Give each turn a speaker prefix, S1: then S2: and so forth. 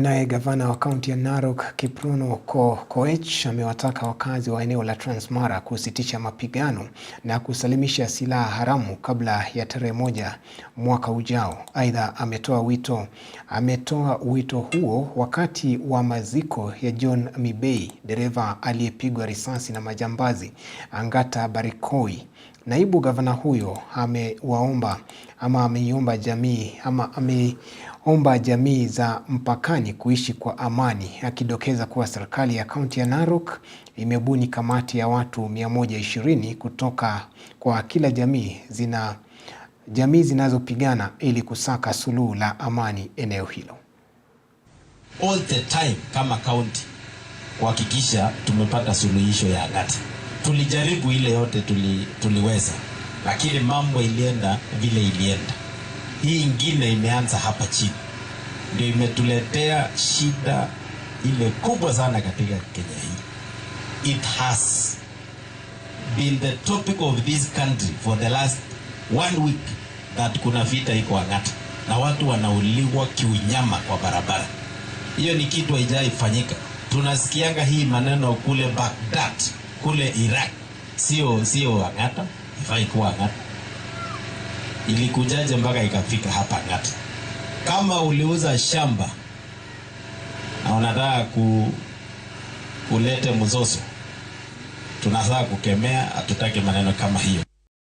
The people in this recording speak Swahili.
S1: Naye gavana wa kaunti ya Narok Kipruno Ko Koech amewataka wakazi wa eneo la Transmara kusitisha mapigano na kusalimisha silaha haramu kabla ya tarehe moja mwaka ujao. Aidha, ametoa wito ametoa wito huo wakati wa maziko ya John Mibei, dereva aliyepigwa risasi na majambazi Angata Barikoi Naibu gavana huyo amewaomba ama ameiomba jamii ama ameomba jamii za mpakani kuishi kwa amani, akidokeza kuwa serikali ya kaunti ya Narok imebuni kamati ya watu 120 kutoka kwa kila jamii zina jamii zinazopigana ili kusaka suluhu la amani eneo hilo.
S2: All the time kama kaunti kuhakikisha tumepata suluhisho ya agati tulijaribu ile yote tuli, tuliweza, lakini mambo ilienda vile ilienda. Hii ingine imeanza hapa chini, ndio imetuletea shida ile kubwa sana katika Kenya hii. It has been the topic of this country for the last one week that kuna vita iko Ang'ata na watu wanauliwa kiunyama kwa barabara. Hiyo ni kitu haijaifanyika. Tunasikianga hii maneno kule Baghdad kule Iraq, sio sio Ang'ata, ifai kuwa Ang'ata. Ilikujaje mpaka ikafika hapa ngata Kama uliuza shamba na unataka ku, kulete mzozo, tunafaa kukemea, hatutaki maneno kama hiyo.